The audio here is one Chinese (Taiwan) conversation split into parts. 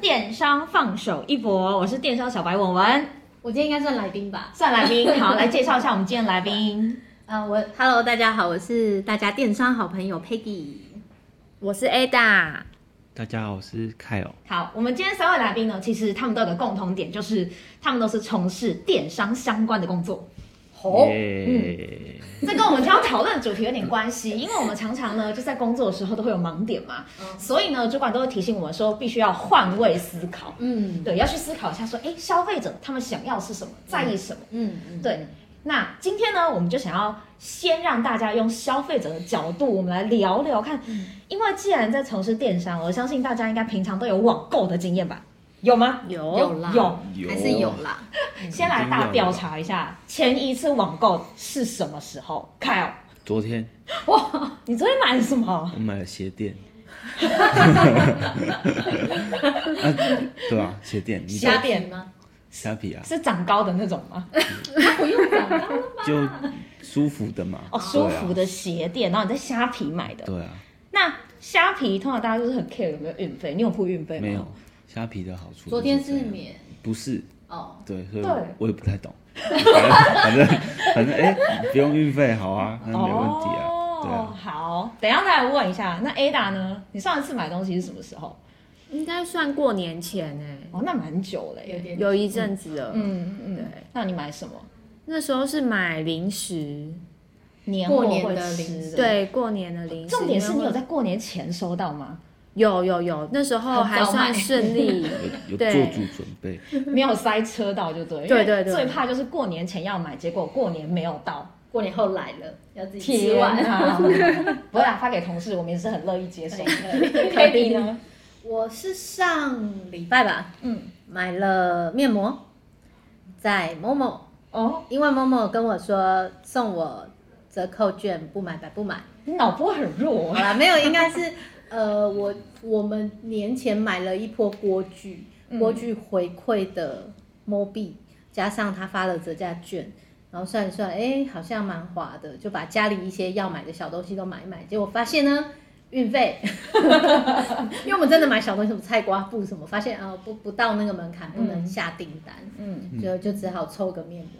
電商放手一搏，我是電商小白文文，我今天應該算來賓吧？算來賓。好， 來介紹一下我們今天的來賓。啊、 呃，我 Hello，大家好，我是大家電商好朋友 Peggy，我是 Ada，大家好，我是 Kyle。好，我們今天三位來賓呢，其實他們都有個共同點，就是他們都是從事電商相關的工作。哦，oh, Yeah. 嗯，這跟我們今天要討論的主題有點關係， 因為我們常常呢，就在工作的時候都會有盲點嘛，嗯、所以呢，主管都會提醒我們說，必須要換位思考，嗯，對，要去思考一下，說，哎、欸，消費者他們想要是什麼，在意什麼？嗯嗯，對。那今天呢，我們就想要先讓大家用消費者的角度，我們來聊聊看，嗯、因為既然在從事電商，我相信大家應該平常都有網購的經驗吧。有嗎？有有還是有啦。先來大調查一下，前一次網購是什麼時候？Kyle，昨天。哇，你昨天買的什麼？我買了鞋墊。啊，對啊，鞋墊。鞋墊嗎？蝦皮啊。是長高的那種嗎？不用長高吧。就舒服的嘛。哦，舒服的鞋墊。然後你在蝦皮買的。對啊。那蝦皮通常大家都是很 care 有沒有運費？你有付運費嗎？沒有。蝦皮的好處。昨天是免，不是哦，對，對，我也不太懂，反正反正，哎，不用運費好啊，沒問題啊，哦，好，等一下再來問一下，那 Ada 呢？你上一次買東西是什麼時候？應該算過年前哎，哦，那蠻久嘞，有一陣子了，嗯嗯，對，那你買什麼？那時候是買零食，年過年的零食，對，過年的零食，重點是你有在過年前收到嗎？有有有，那時候還算順利，有做足準備，沒有塞車到就對。對對對，最怕就是過年前要買，結果過年沒有到，過年後來了要自己吃完。不會啊，發給同事，我們也是很樂意接受。可以呢？我是上禮拜吧，嗯，買了面膜，在某某哦，因為某某跟我說送我折扣券，不買白不買。你腦波很弱。好沒有，應該是。呃，我我們年前買了一波鍋具，鍋具回饋的 Mo 幣、嗯，加上他發了折價券，然後算一算，哎、欸，好像蠻劃的，就把家裡一些要買的小東西都買一買。結果發現呢，運費，因為我們真的買小東西，什麼菜瓜布什麼，發現啊，不不到那個門檻不能下訂單，嗯，所以就,就只好湊個面膜。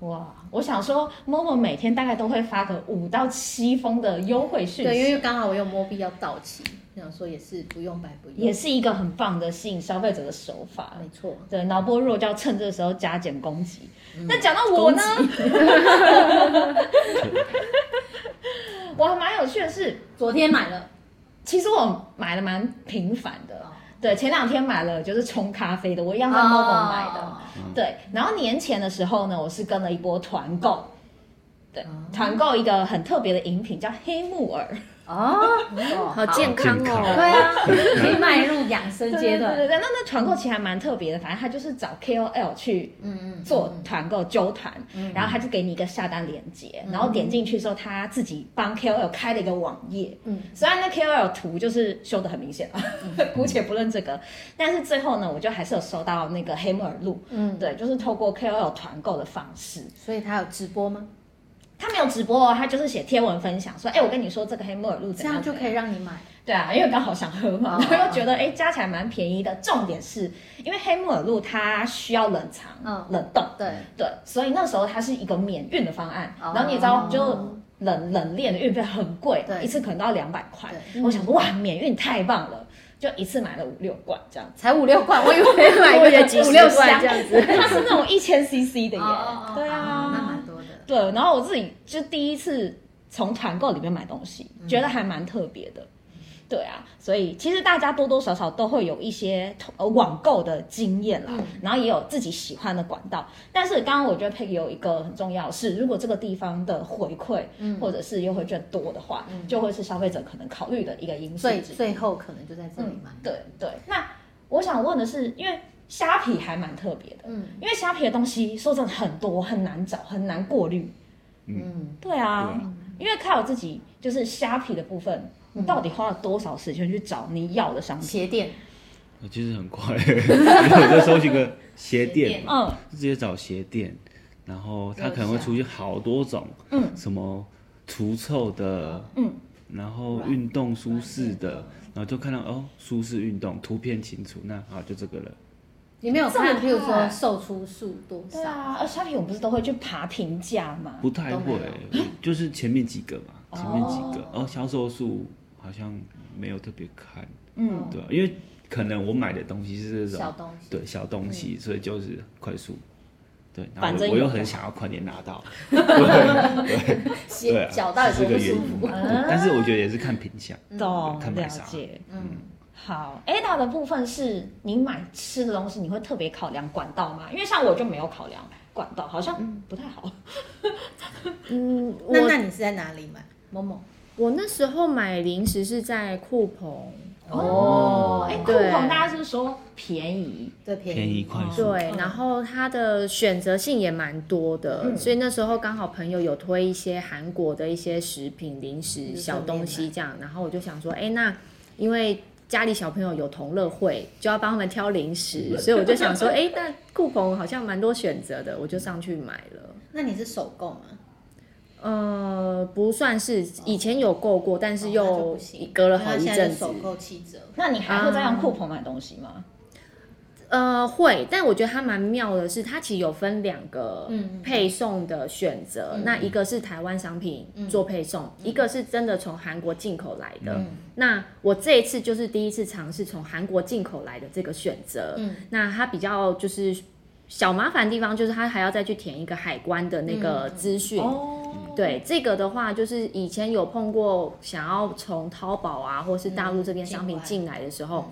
哇，我想說，momo 每天大概都會發個五到七封的優惠訊息、嗯，對，因為剛好我有 momo 幣要到期，想說也是不用白不用，也是一個很棒的吸引消費者的手法，嗯、沒錯。對，腦波弱就要趁這時候加減攻擊，那講、嗯、到我呢？攻擊 我還蠻有趣的是，昨天買了，其實我買的蠻頻繁的啊。哦對，前兩天買了，就是沖咖啡的，我一樣在 momo 買的。對，然後年前的時候呢，我是跟了一波團購，對，oh. 團購一個很特別的飲品叫黑木耳。哦，好健康哦，對啊，可以邁入養生階段。對對對，那那團購其實還蠻特別的，反正他就是找 KOL 去，嗯嗯，做團購揪團，然後他就給你一個下單鏈接，然後點進去之後，他自己幫 KOL 開了一個網頁，嗯，雖然那 KOL 圖就是修得很明顯了，姑且不論這個，但是最後呢，我就還是有收到那個黑木耳露，嗯，對，就是透過 KOL 團購的方式，所以他有直播嗎？他沒有直播哦，他就是寫貼文分享，說哎，我跟你說這個黑木耳露怎樣，這樣就可以讓你買。對啊，因為剛好想喝嘛，然後又覺得哎，加起來蠻便宜的。重點是因為黑木耳露它需要冷藏、冷凍，對對，所以那時候它是一個免運的方案。然後你知道，就冷冷鏈的運費很貴，一次可能都要兩百塊。我想說哇，免運太棒了，就一次買了五六罐，這樣才五六罐，我以為沒買過也五六罐這樣子，它是那種一千 CC 的耶，對啊。對，然後我自己就第一次從團購裡面買東西，嗯、覺得還蠻特別的。嗯、對啊，所以其實大家多多少少都會有一些呃網購的經驗啦，嗯、然後也有自己喜歡的管道。但是剛剛我覺得 Peggy 有一個很重要是，如果這個地方的回饋、嗯、或者是優惠券多的話，嗯、就會是消費者可能考慮的一個因素。所以最後可能就在這裡嘛。嗯、對對，那我想問的是，因為。蝦皮還蠻特別的，嗯，因為蝦皮的東西說真的很多，很難找，很難過濾，嗯，嗯，對啊，對啊，因為靠我自己，就是蝦皮的部分，嗯，你到底花了多少時間去找你要的商品？鞋墊墊，我其實很快， 我就搜幾個鞋墊，嗯，直接找鞋墊，然後它可能會出現好多種，墊嗯，什麼除臭的，嗯，然後運動舒適的，墊然後就看到哦，舒適運動，圖片清楚，那好，就這個了。你沒有看，比如說售出數多少？對啊，shopping 我們，不是都會去爬評價嗎？不太會，就是前面幾個嘛，前面幾個。哦。而銷售數好像沒有特別看，嗯，對，因為可能我買的東西是這種小東西，對小東西，所以就是快速。對。然後我又很想要快點拿到。對。對。小到底是個原因，但是我覺得也是看評價，懂？看買啥？嗯。好，Ada 的部分是你買吃的東西，你會特別考量管道嗎？因為像我就沒有考量管道，好像不太好。嗯，那那你是在哪裡買？Momo？我那時候買零食是在酷朋。哦，哎，酷朋大家是說便宜，對便宜，便宜快速。對，然後它的選擇性也蠻多的，所以那時候剛好朋友有推一些韓國的一些食品、零食、小東西這樣，然後我就想說，哎，那因為。家裡小朋友有同樂會，就要幫他們挑零食， 所以我就想說，哎、欸，但酷澎好像蠻多選擇的，我就上去買了。那你是首購嗎？呃，不算是，以前有購過，但是又隔了好一陣子。首購七折，那你還會再用酷澎買東西嗎？嗯呃，會，但我覺得它蠻妙的是，是它其實有分兩個配送的選擇，嗯、那一個是台灣商品做配送，嗯、一個是真的從韓國進口來的。嗯、那我這一次就是第一次嘗試從韓國進口來的這個選擇，嗯、那它比較就是小麻煩的地方，就是它還要再去填一個海關的那個資訊。嗯嗯哦、對，這個的話，就是以前有碰過，想要從淘寶啊，或是大陸這邊商品進來的時候。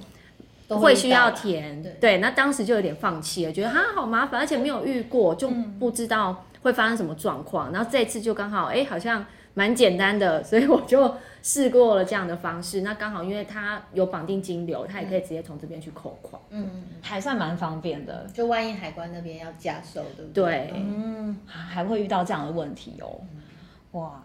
都會,會需要填，對，那當時就有點放棄了，覺得哈好麻煩，而且沒有遇過，就不知道會發生什麼狀況。嗯、然後這次就剛好，哎，好像蠻簡單的，所以我就試過了這樣的方式。那剛好因為它有綁定金流，它也可以直接從這邊去扣款，嗯，還算蠻方便的。就萬一海關那邊要加收，對不對？對，嗯，還會遇到這樣的問題哦，哇。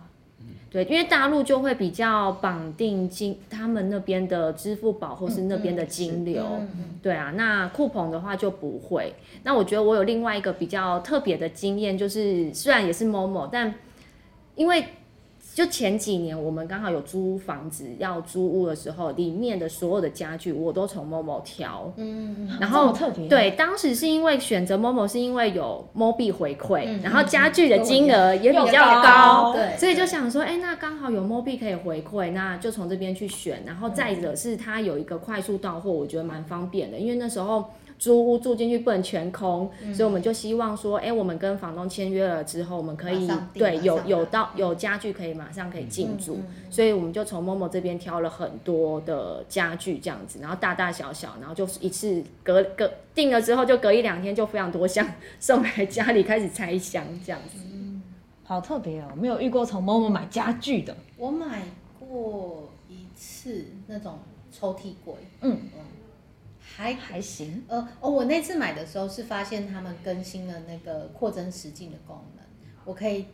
對，因為大陸就會比較綁定金，他們那邊的支付寶或是那邊的金流，嗯嗯嗯嗯，對啊，那酷澎的話就不會。那我覺得我有另外一個比較特別的經驗，就是雖然也是 Momo，但因為。就前幾年，我們剛好有租房子要租屋的時候，裡面的所有的家具我都從 momo 挑。嗯，然後對，當時是因為選擇 momo 是因為有 momo 幣回饋，嗯、然後家具的金額也比較高，嗯、較高對，對所以就想說，哎、欸，那剛好有 momo 幣可以回饋，那就從這邊去選。然後再者是他有一個快速到貨，我覺得蠻方便的，因為那時候。租屋住進去不能全空，嗯、所以我們就希望說，哎、欸，我們跟房東簽約了之後，我們可以對有有到有家具可以馬上可以進住。嗯嗯嗯嗯，所以我們就從 momo 這邊挑了很多的家具這樣子，然後大大小小，然後就是一次隔隔定了之後，就隔一兩天就非常多箱送來家裡開始拆箱這樣子。嗯、好特別哦，沒有遇過從 momo 買家具的，我買過一次那種抽屜櫃，嗯。嗯還還行，還呃哦，我那次買的時候是發現他們更新了那個擴增實境的功能，我可以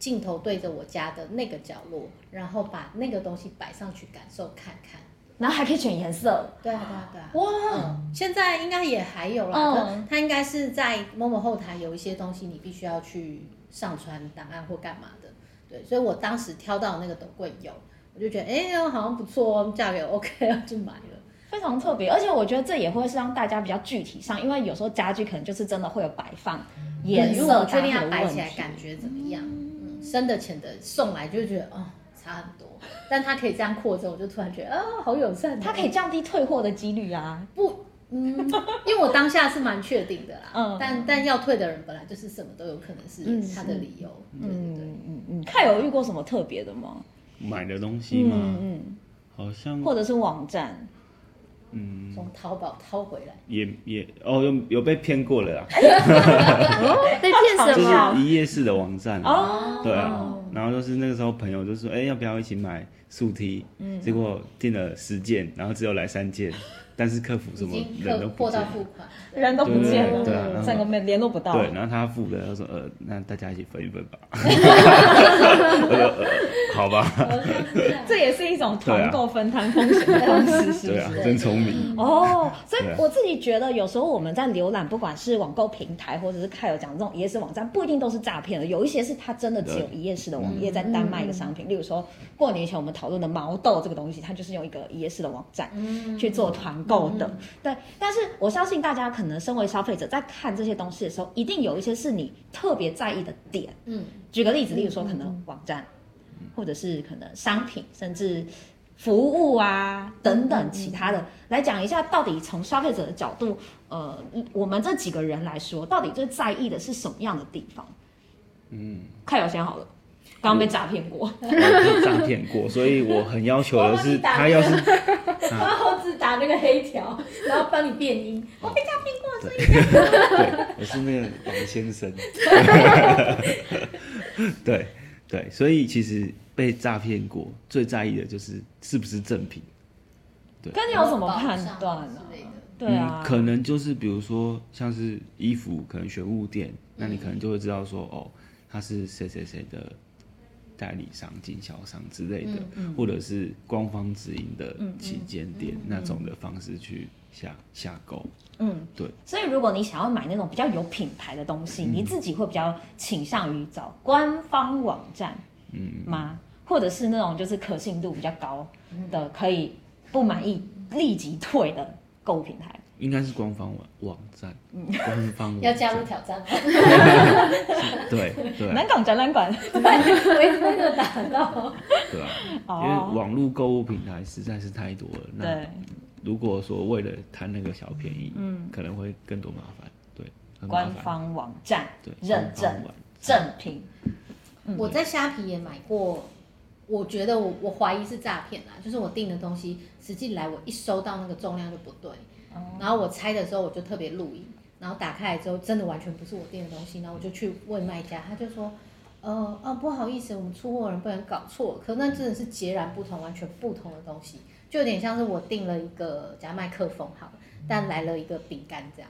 鏡頭對着我家的那個角落，然後把那個東西擺上去感受看看，然後還可以選顏色。對、啊，對啊對啊對啊，哇、呃，現在應該也還有了，他，嗯、應該是在某某後台有一些東西你必須要去上傳檔案或幹嘛的，對，所以我當時挑到的那個斗櫃有，我就覺得哎呦、欸，好像不錯哦，價格 OK，要去買了。非常特別，而且我覺得這也會是讓大家比較具體上，嗯、因為有時候家具可能就是真的會有擺放顏色感覺、嗯、確定它擺起來感覺怎麼樣？嗯、深的淺的送來就覺得哦，差很多，但他可以這樣擴增，我就突然覺得啊、哦、好友善的。他可以降低退貨的幾率啊！哦、不，嗯，因為我當下是蠻確定的啦，嗯， 但但要退的人本來就是什麼都有可能是他的理由，嗯，對對對，嗯嗯，看有遇過什麼特別的嗎？買的東西嗎？嗯，嗯，嗯好像或者是網站。嗯，從淘寶掏回來也也哦，有有被騙過了啦！被騙什麼？一頁式的網站哦，對啊，然後就是那個時候朋友就說，哎、欸，要不要一起買素 T？嗯、哦，結果訂了十件，然後只有來三件。嗯哦但是客服什麼貨到付款，人都不見了，對對對對對，三個面聯絡不到對。對，然後他付的，他說呃，那大家一起分一分吧。 呃、好吧， 這也是一種團購分攤風險的方式，對是不是？對對真聰明。哦，所以我自己覺得，有時候我們在瀏覽，不管是網購平台，或者是看有講這種一頁式網站，不一定都是詐騙的，有一些是他真的只有一頁式的網頁在單賣一個商品。嗯嗯、例如說，過年前我們討論的毛豆這個東西，它就是用一個一頁式的網站去做團。嗯嗯夠的，嗯、對，但是我相信大家可能身為消費者，在看這些東西的時候，一定有一些是你特別在意的點。嗯，舉個例子，例如說可能網站，嗯嗯、或者是可能商品，甚至服務啊、嗯、等等其他的，嗯嗯、來講一下到底從消費者的角度，呃，我們這幾個人來說，到底最在意的是什麼樣的地方？嗯，看有先好了，剛剛被詐騙過，被詐騙過， 所以我很要求的是，他要是。然那後自打那個黑條，然後幫你變音，我被詐騙過最一次。哦、對，對，我是那個王先生。 對對，所以其實被詐騙過最在意的就是是不是正品。對，那你有什麼判斷呢、啊？對、嗯，可能就是比如說像是衣服，可能選物店，嗯、那你可能就會知道說，哦，他是誰誰誰的。代理商、經銷商之類的，嗯嗯、或者是官方直營的旗艦店那種的方式去下下購。嗯，鈎嗯，對。所以，如果你想要買那種比較有品牌的東西，嗯、你自己會比較傾向於找官方網站，嗯嗎？嗯，或者是那種就是可信度比較高的，可以不滿意立即退的購物平台。應該是官方網網站，嗯，官方網要加入挑戰，對對，南港展覽館，反正我也不會買到，對吧？因為網絡購物平台實在是太多了，對。那如果說為了貪那個小便宜，嗯，可能會更多麻煩，對。官方網站，對，認證正品。我在蝦皮也買過，我覺得我我懷疑是詐騙啦，就是我訂的東西，實際來我一收到那個重量就不對。然後我拆的時候，我就特別錄影，然後打開來之後真的完全不是我訂的東西，然後我就去問賣家，他就說，呃，哦，不好意思，我們出貨人不能搞錯。可那真的是截然不同，完全不同的東西，就有點像是我訂了一個假麥克風，好。但來了一個餅乾，這樣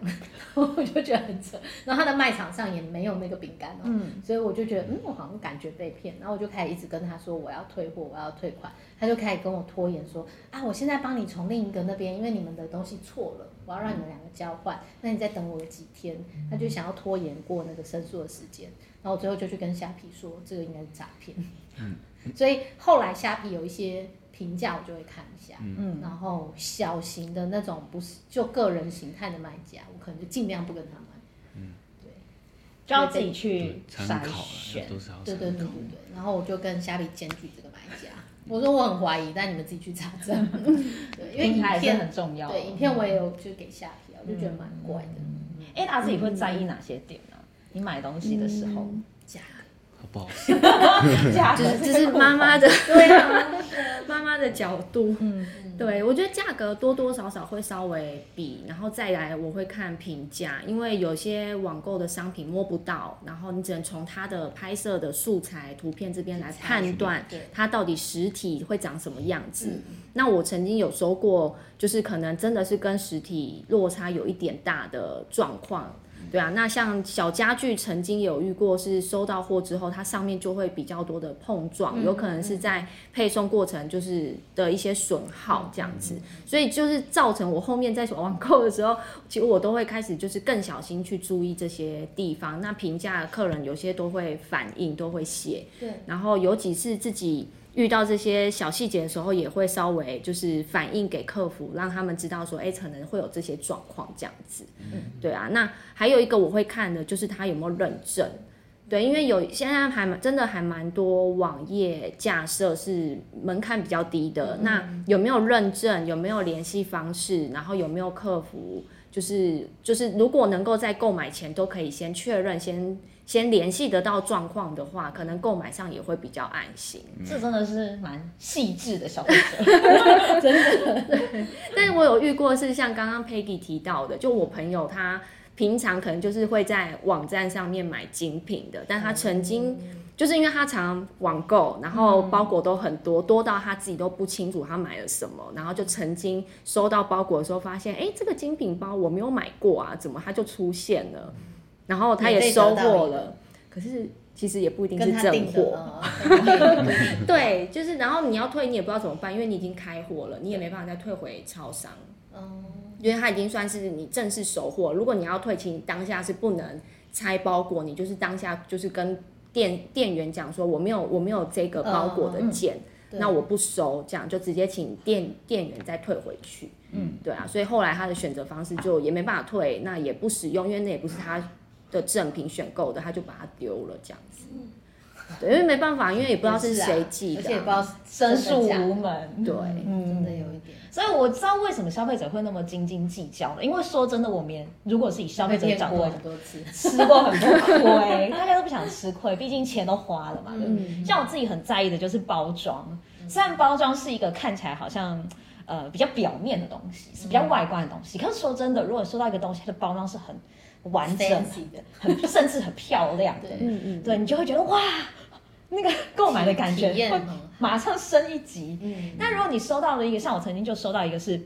我就覺得很扯。然後他的賣場上也沒有那個餅乾了、哦，嗯、所以我就覺得，嗯，我好像感覺被騙。然後我就開始一直跟他說，我要退貨，我要退款。他就開始跟我拖延說，啊，我現在幫你從另一個那邊，因為你們的東西錯了，我要讓你們兩個交換。嗯、那你再等我幾天，他就想要拖延過那個申訴的時間。然後最後就去跟蝦皮說，這個應該是詐騙。嗯、所以後來蝦皮有一些。評價我就會看一下，嗯、然後小型的那種不是就個人形態的賣家，我可能就盡量不跟他買。嗯、對，就要自己去篩對選。對對對對對。然後我就跟蝦皮檢舉這個賣家，我說我很懷疑，但你們自己去查證。 對，因為影片很重要、哦。對，影片我也有就給蝦皮，我就覺得蠻怪的。哎、嗯嗯，他自己會在意哪些點呢、啊？嗯、你買東西的時候。嗯 是就是就是媽媽的對啊，媽媽的角度，嗯、對，我覺得價格多多少少會稍微比，然後再來我會看評價，因為有些網購的商品摸不到，然後你只能從它的拍攝的素材圖片這邊來判斷它到底實體會長什麼樣子。嗯、那我曾經有收過，就是可能真的是跟實體落差有一點大的狀況。對啊，那像小家具曾經有遇過，是收到貨之後，它上面就會比較多的碰撞，嗯、有可能是在配送過程就是的一些損耗這樣子，嗯、所以就是造成我後面在網購的時候，其實我都會開始就是更小心去注意這些地方。那評價客人有些都會反映，都會寫，對，然後尤其是自己。遇到這些小細節的時候，也會稍微就是反映給客服，讓他們知道說，哎，可能會有這些狀況這樣子，嗯、對啊。那還有一個我會看的就是他有沒有認證。對，因為有現在還蠻真的還蠻多網頁架設是門檻比較低的，嗯、那有沒有認證，有沒有聯繫方式，然後有沒有客服，就是就是如果能夠在購買前都可以先確認，先先聯繫得到狀況的話，可能購買上也會比較安心。嗯、這真的是蠻細緻的小細節， 真的。 對，但是我有遇過是像剛剛 Peggy 提到的，就我朋友他。平常可能就是會在網站上面買精品的，但他曾經、嗯、就是因為他常網購，然後包裹都很多，嗯、多到他自己都不清楚他買了什麼，然後就曾經收到包裹的時候發現，哎、欸，這個精品包我沒有買過啊，怎麼他就出現了？然後他也收貨了，可是其實也不一定是正貨。定 對，就是然後你要退，你也不知道怎麼辦，因為你已經開貨了，你也沒辦法再退回超商。嗯因為他已經算是你正式收貨，如果你要退，請當下是不能拆包裹，你就是當下就是跟店店員講說我沒有我沒有這個包裹的件，oh, 那我不收，對這樣就直接請店店員再退回去。嗯，對啊，所以後來他的選擇方式就也沒辦法退，那也不使用，因為那也不是他的正品選購的，他就把它丟了這樣子。嗯對，因為沒辦法，因為也不知道是誰寄的，而且也不知道申訴無門，對，嗯、真的有一點。所以我知道為什麼消費者會那麼斤斤計較了，因為說真的，我們如果是以消費者角度來講，吃過很多次，吃過很多虧， 大家都不想吃虧，畢竟錢都花了嘛。 對像我自己很在意的就是包裝，雖然、嗯、哼包裝是一個看起來好像呃比較表面的東西，是比較外觀的東西，嗯、可是說真的，如果收到一個東西，它的包裝是很。完整，很甚至很漂亮的。對，嗯對嗯，對，你就會覺得哇，那個購買的感覺會馬上升一級。嗯，那如果你收到了一個，像我曾經就收到一個是，是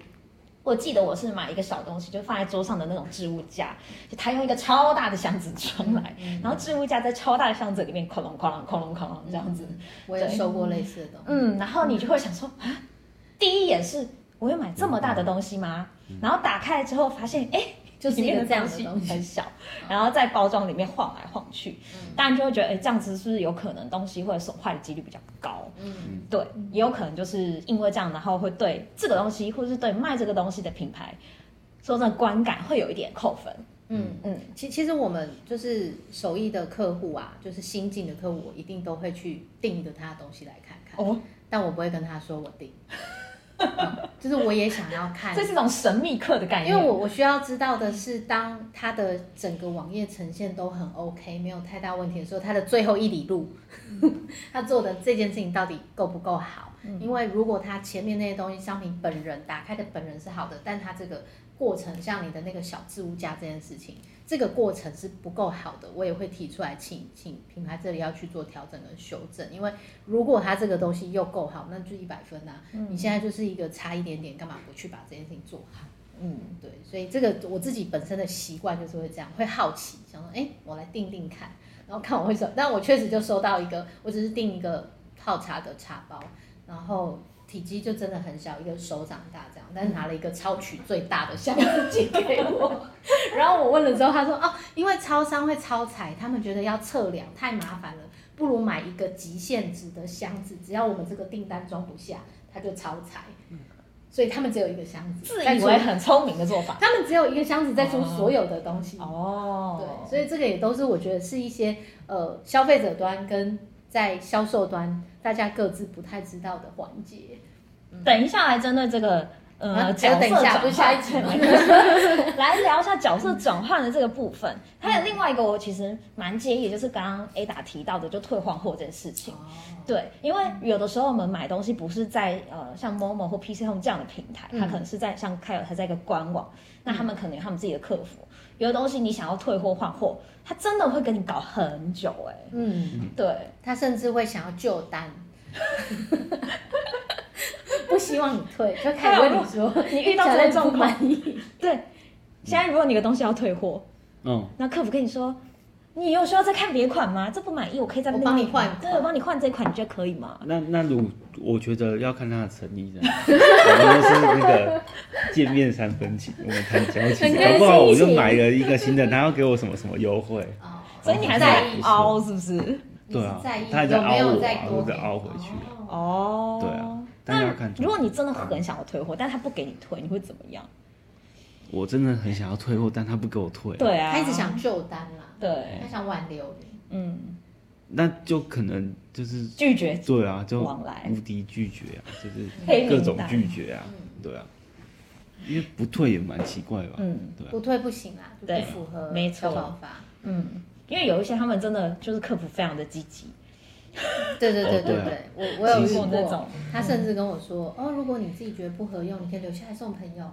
我記得我是買一個小東西，就放在桌上的那種置物架，就他用一個超大的箱子裝來，嗯、然後置物架在超大的箱子裡面，哐隆哐隆哐隆哐隆這樣子。嗯、對我也收過類似的東西，嗯，然後你就會想說、嗯、第一眼是我有買這麼大的東西嗎？然後打開之後發現，哎、欸。就是變得這樣，東西，東西很小，然後在包裝裡面晃來晃去，嗯，大家就會覺得，哎、欸，這樣子是不是有可能東西會損壞的幾率比較高？嗯，對，也有可能就是因為這樣，然後會對這個東西，嗯、或者是對賣這個東西的品牌，說真的觀感會有一點扣分。嗯嗯，其其實我們就是首邑的客戶啊，就是新進的客戶，我一定都會去訂一個他的東西來看看，哦、但我不會跟他說我訂。 嗯、就是我也想要看，這是種神秘客的概念、啊。因為我我需要知道的是，當它的整個網頁呈現都很 OK，沒有太大問題的時候，它的最後一里路，他做的這件事情到底夠不夠好？嗯、因為如果他前面那些東西，商品本人打開的本人是好的，但他這個過程，像你的那個小置物架這件事情。這個過程是不夠好的，我也會提出來，請，請請品牌這裡要去做調整和修正。因為如果他這個東西又夠好，那就一百分啊！嗯，你現在就是一個差一點點，幹嘛不去把這件事情做好？嗯，對，所以這個我自己本身的習慣就是會這樣，會好奇，想說，哎，我來訂訂看，然後看我會說，但我確實就收到一個，我只是訂一個泡茶的茶包，然後。體積就真的很小，一個手掌大這樣，但是拿了一個超取最大的箱子寄給我。 然後我問了之後，他說：“哦，因為超商會超材，他們覺得要測量太麻煩了，不如買一個極限值的箱子，只要我們這個訂單裝不下，他就超材。嗯、所以他們只有一個箱子，自以為很聰明的做法。除他們只有一個箱子在裝所有的東西哦，對，所以這個也都是我覺得是一些呃消費者端跟。”在銷售端，大家各自不太知道的環節，等一下來針對這個、嗯、呃角色轉換，哎、 來聊一下角色轉換的這個部分。嗯、還有另外一個，我其實蠻介意，就是剛剛 Ada 提到的，就退換貨這件事情。哦、對，因為有的時候我們買東西不是在呃像 MoMo 或 PC Home 這樣的平台，嗯、它可能是在像 Kyle 它在一個官網，嗯、那他們可能有他們自己的客服。有的東西你想要退貨換貨，他真的會跟你搞很久哎、欸。嗯，嗯對，他甚至會想要救單， 不希望你退，就看到你說。 你遇到這種狀況，對。 現在如果你的東西要退貨，嗯，那客服跟你說。你有需要再看別款嗎？這不滿意，我可以再幫你換。對，我幫你換這款，你覺得可以嗎？那那如，我覺得要看他的誠意，我們是那個見面三分情，我們談交情。搞不好，我又買了一個新的，他要給我什麼什麼優惠？所以你還在凹是不是？對啊，他還在凹，我在凹回去。哦，對啊。但如果你真的很想要退貨，但他不給你退，你會怎麼樣？我真的很想要退貨，但他不給我退。對啊，他一直想救單啦。對，他想挽留你。嗯，那就可能就是拒絕。對啊，就往來無敵拒絕啊，就是各種拒絕啊，對啊。因為不退也蠻奇怪吧？嗯，對，不退不行啊，不符合消保法。嗯，因為有一些他們真的就是客服非常的積極。對對對對對，我我有遇過，他甚至跟我說：“哦，如果你自己覺得不合用，你可以留下來送朋友。”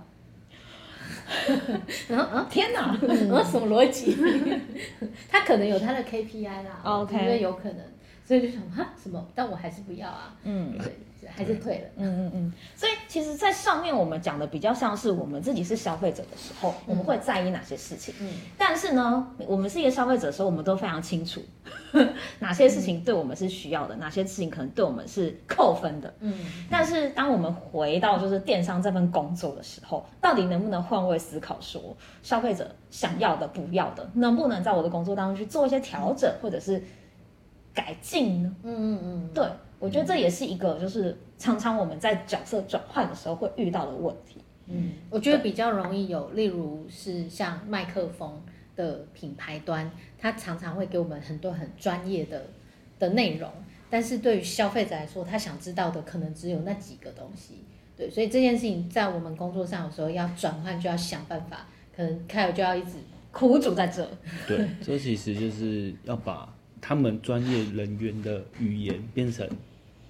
嗯 嗯，嗯天哪，嗯、什麼邏輯？ 他可能有他的 KPI 啦，對 Okay. 不對？有可能。所以就想啊什麼，但我還是不要啊，嗯對，對，還是退了，嗯嗯嗯。所以其實，在上面我們講的比較像是我們自己是消費者的時候，嗯、我們會在意哪些事情，嗯。嗯但是呢，我們是一個消費者的時候，我們都非常清楚、嗯、 哪些事情對我們是需要的，嗯、哪些事情可能對我們是扣分的，嗯。但是，當我們回到就是電商這份工作的時候，到底能不能換位思考說，說消費者想要的、不要的，能不能在我的工作當中去做一些調整，嗯、或者是？改進呢？嗯嗯嗯，嗯對，我覺得這也是一個，就是常常我們在角色轉換的時候會遇到的問題。嗯，對我覺得比較容易有，例如是像麥克風的品牌端，它常常會給我們很多很專業的的內容，但是對於消費者來說，他想知道的可能只有那幾個東西。對，所以這件事情在我們工作上有時候要轉換，就要想辦法。可能 Kyle 就要一直苦主在這。對，所以其實就是要把。 他們專業人員的語言變成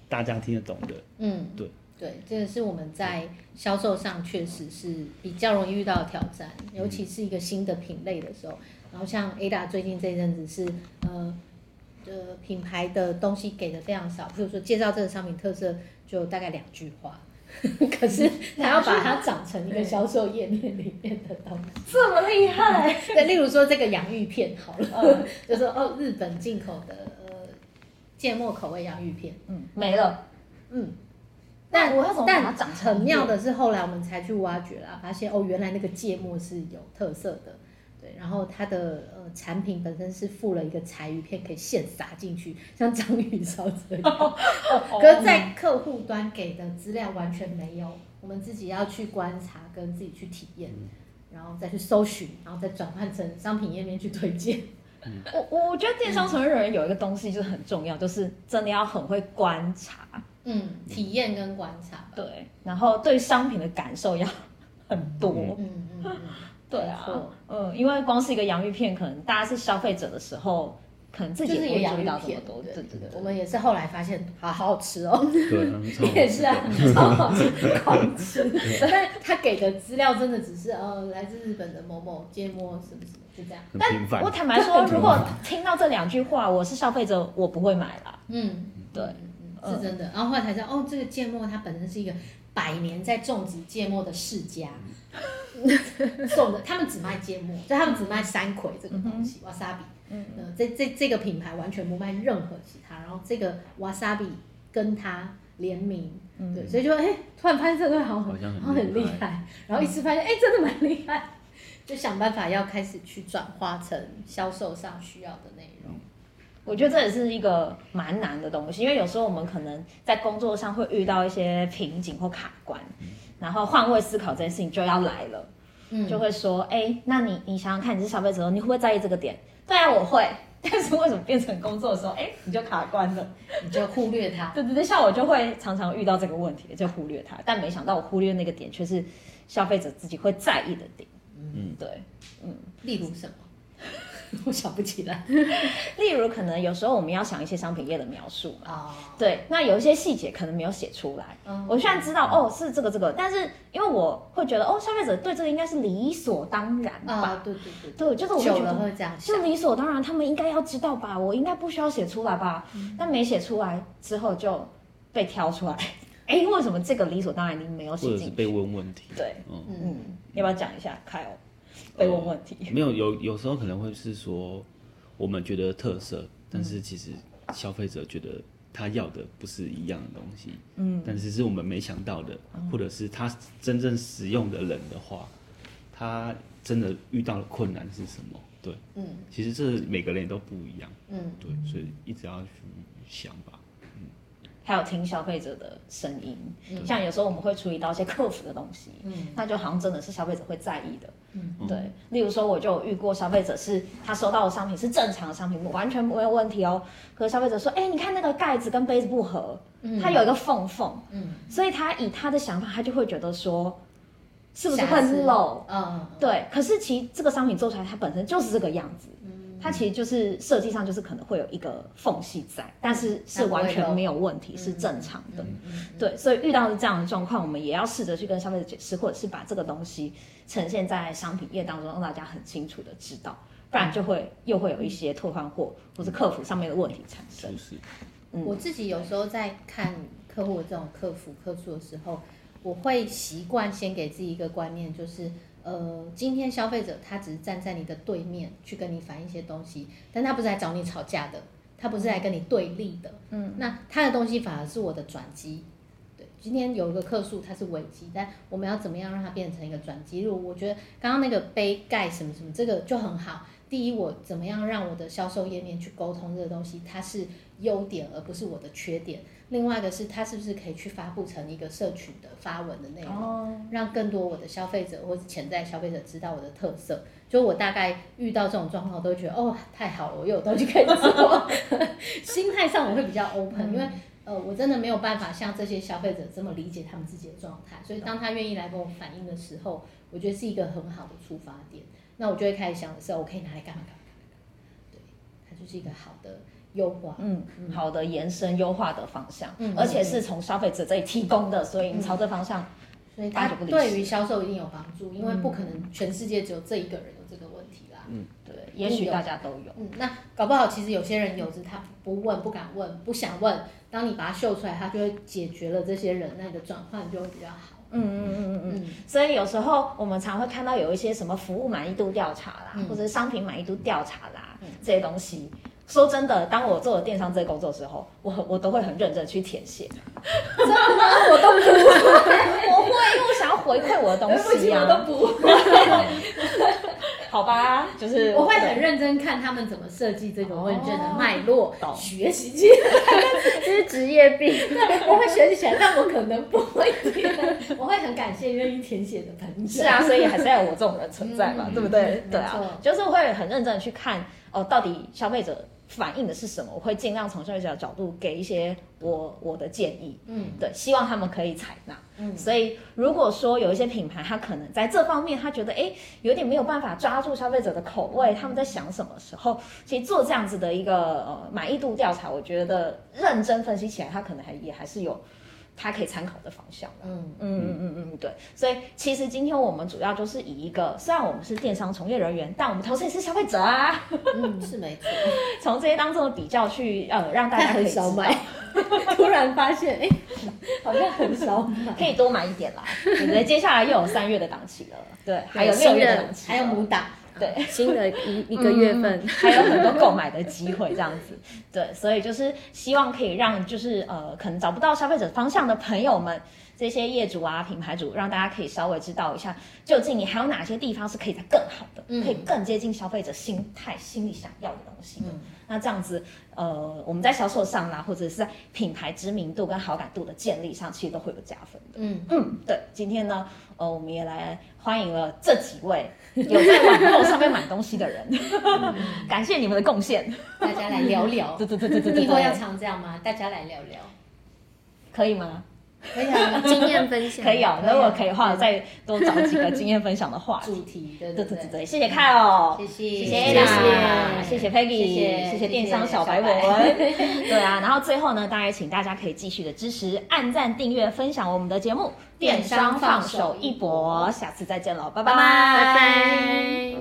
大家聽得懂的，嗯，對對，這個是我們在銷售上確實是比較容易遇到的挑戰，尤其是一個新的品類的時候。然後像 Ada 最近這一陣子是呃呃品牌的東西給的非常少，譬如說介紹這個商品特色就大概兩句話。 可是他要把它長成一個銷售頁面裡面的東西，嗯、這麼厲害？對，例如說這個洋芋片好了，嗯、 就是說哦，日本進口的呃，芥末口味洋芋片，嗯，沒了，嗯。但、啊、我要怎麼把它長成一片？但很妙的是，後來我們才去挖掘啦，發現哦，原來那個芥末是有特色的。對，然後它的呃產品本身是附了一個柴魚片，可以現撒進去，像章魚燒這樣。Oh, oh, oh, oh, 可是在客戶端給的資料完全沒有，嗯、我們自己要去觀察，跟自己去體驗，嗯、然後再去搜尋，然後再轉換成商品頁面去推薦。嗯、我我覺得電商從業人員有一個東西就是很重要，嗯、就是真的要很會觀察，嗯，體驗跟觀察，對，然後對商品的感受要很多。嗯嗯，嗯，嗯對啊，嗯，因為光是一個洋芋片，可能大家是消費者的時候，可能自己也有注意到這麼多。對對對，我們也是後來發現，好好吃哦。對，你也是超好吃，好吃。所以他給的資料真的只是，嗯，來自日本的某某芥末什麼什麼，就這樣。但，我坦白說，如果聽到這兩句話，我是消費者，我不會買了。嗯，對，是真的。然後後來才知道，哦，這個芥末它本身是一個百年在種植芥末的世家。 送的，他們只賣芥末，所以、嗯、他們只賣山葵這個東西，瓦薩比。嗯，這這這個品牌完全不賣任何其他，然後這個瓦薩比跟他聯名，嗯、對，所以就哎、欸，突然發現這個好像，然後很厲害，然後一次發現哎、嗯欸，真的蠻厲害，就想辦法要開始去轉化成銷售上需要的內容。我覺得這也是一個蠻難的東西，因為有時候我們可能在工作上會遇到一些瓶頸或卡關。嗯然後換位思考這件事情就要來了，嗯，就會說，哎，那你你想想看，你是消費者，你會不會在意這個點？對啊，我會。但是為什麼變成工作的時候，哎，你就卡關了，你就忽略它？ 對對對，像我就會常常遇到這個問題，就忽略它，啊。但沒想到我忽略那個點，卻是消費者自己會在意的點。嗯，對，嗯，例如什麼？我想不起來，例如可能有時候我們要想一些商品頁的描述嘛，對，那有一些細節可能沒有寫出來。我現在知道哦是這個這個，但是因為我會覺得哦消費者對這個應該是理所當然吧，對對對，對就是我覺得就理所當然他們應該要知道吧，我應該不需要寫出來吧，但沒寫出來之後就被挑出來，哎為什麼這個理所當然你沒有寫？是被問問題。對，嗯，要不要講一下，Kyle。被問問題，沒有，有有時候可能會是說我們覺得特色，嗯、但是其實消費者覺得他要的不是一樣的東西，嗯，但是是我們沒想到的，嗯、或者是他真正使用的人的話，他真的遇到的困難是什麼？對，嗯，其實這每個人都不一樣，嗯，對，所以一直要去想吧。他有聽消費者的聲音，嗯、像有時候我們會處理到一些客服的東西，嗯、那就好像真的是消費者會在意的。嗯、對，例如說我就遇過消費者是他收到的商品是正常的商品，完全沒有問題哦。可是消費者說，哎、欸，你看那個蓋子跟杯子不合，嗯、它有一個縫縫，嗯嗯、所以他以他的想法，他就會覺得說是不是很漏？嗯、對，可是其實這個商品做出來，它本身就是這個樣子。嗯它其實就是設計上就是可能會有一個縫隙在，嗯、但是是完全沒有問題，嗯、是正常的。嗯、對，嗯、所以遇到的這樣的狀況，對我們也要試着去跟消費者解釋，或者是把這個東西呈現在商品頁當中，讓大家很清楚的知道，不然就會又會有一些退換貨、嗯、或是客服上面的問題產生。嗯、是是我自己有時候在看客戶這種客服、客訴的時候，我會習慣先給自己一個觀念，就是。呃，今天消費者他只是站在你的對面去跟你反映一些東西，但他不是來找你吵架的，他不是來跟你對立的，嗯，那他的東西反而是我的轉機。對，今天有一個客訴，它是危機，但我們要怎麼樣讓它變成一個轉機？如果我覺得剛剛那個杯蓋什麼什麼，這個就很好。第一，我怎麼樣讓我的銷售頁面去溝通這個東西？它是。優點，而不是我的缺點。另外一個是，它是不是可以去發佈成一個社群的發文的內容，oh. 讓更多我的消費者或者潛在消費者知道我的特色。就我大概遇到這種狀況，我都覺得哦，太好了，我又有東西可以做。 心態上我會比較 open， 因為呃，我真的沒有辦法像這些消費者這麼理解他們自己的狀態。所以當他願意來跟我反映的時候，我覺得是一個很好的出發點。那我就會開始想的是，我可以拿來幹嘛幹嘛幹嘛幹嘛？對，它就是一個好的。優化，嗯，好的延伸優化的方向，嗯，而且是從消費者這裡提供的，所以你朝這方向，所以對於銷售一定有幫助，因為不可能全世界只有這一個人有這個問題啦，嗯，對，也許大家都有，嗯，那搞不好其實有些人有時他不問、不敢問、不想問，當你把它秀出來，他就會解決了這些，人那個轉換就會比較好，嗯嗯嗯嗯嗯，所以有時候我們常會看到有一些什麼服務滿意度調查啦，或者商品滿意度調查啦這些東西。說真的，當我做了電商這工作之後，我我都會很認真去填寫，真的，我都不我會，因為我想要回饋我的東西我都不，好吧，就是我會很認真看他們怎麼設計這個問卷的脈絡，學習，這是職業病，我會學習起來，但我可能不會，我會很感謝願意填寫的朋友，是啊，所以還是要有我這種人存在嘛，對不對？對啊，就是會很認真去看哦，到底消費者，反映的是什麼？我會盡量從消費者的角度給一些我我的建議，嗯，對，希望他們可以採納。嗯，所以如果說有一些品牌，他可能在這方面他覺得，誒，有點沒有辦法抓住消費者的口味，他、嗯、們在想什麼時候，其實做這樣子的一個呃滿意度調查，我覺得認真分析起來，他可能還也還是有。他可以參考的方向。嗯嗯嗯嗯嗯，對。所以其實今天我們主要就是以一個，雖然我們是電商從業人員，但我們同時也是消費者啊。嗯，是沒錯。從這些當中的比較去，呃，讓大家很少買，突然發現，哎，好像很少，可以多買一點啦。你們接下來又有三月的檔期了。對，還有六月的檔期。還有五檔。對，新的一一個月份，嗯，還有很多購買的機會，這樣子。 對，所以就是希望可以讓就是呃，可能找不到消費者方向的朋友們。這些業主啊，品牌主，讓大家可以稍微知道一下，究竟你還有哪些地方是可以再更好的，嗯、可以更接近消費者心態、心裡想要的東西的。嗯、那這樣子，呃，我們在銷售上啦、啊，或者是在品牌知名度跟好感度的建立上，其實都會有加分的。嗯嗯，對。今天呢，呃，我們也來歡迎了這幾位有在網購上面買東西的人， 嗯、感謝你們的貢獻。大家來聊聊，對對對對對以後要常這樣嗎？大家來聊聊，可以嗎？分享經驗分享，可以哦，如果可以的話，再多找幾個經驗分享的話題主題，對對對對，謝謝 Kyle 哦，謝謝，謝謝，謝謝 Peggy，謝謝電商小白文。們，對啊，然後最後呢，當然，請大家可以繼續的支持，按讚、訂閱、分享我們的節目《電商放手一搏》，下次再見嘍，拜拜。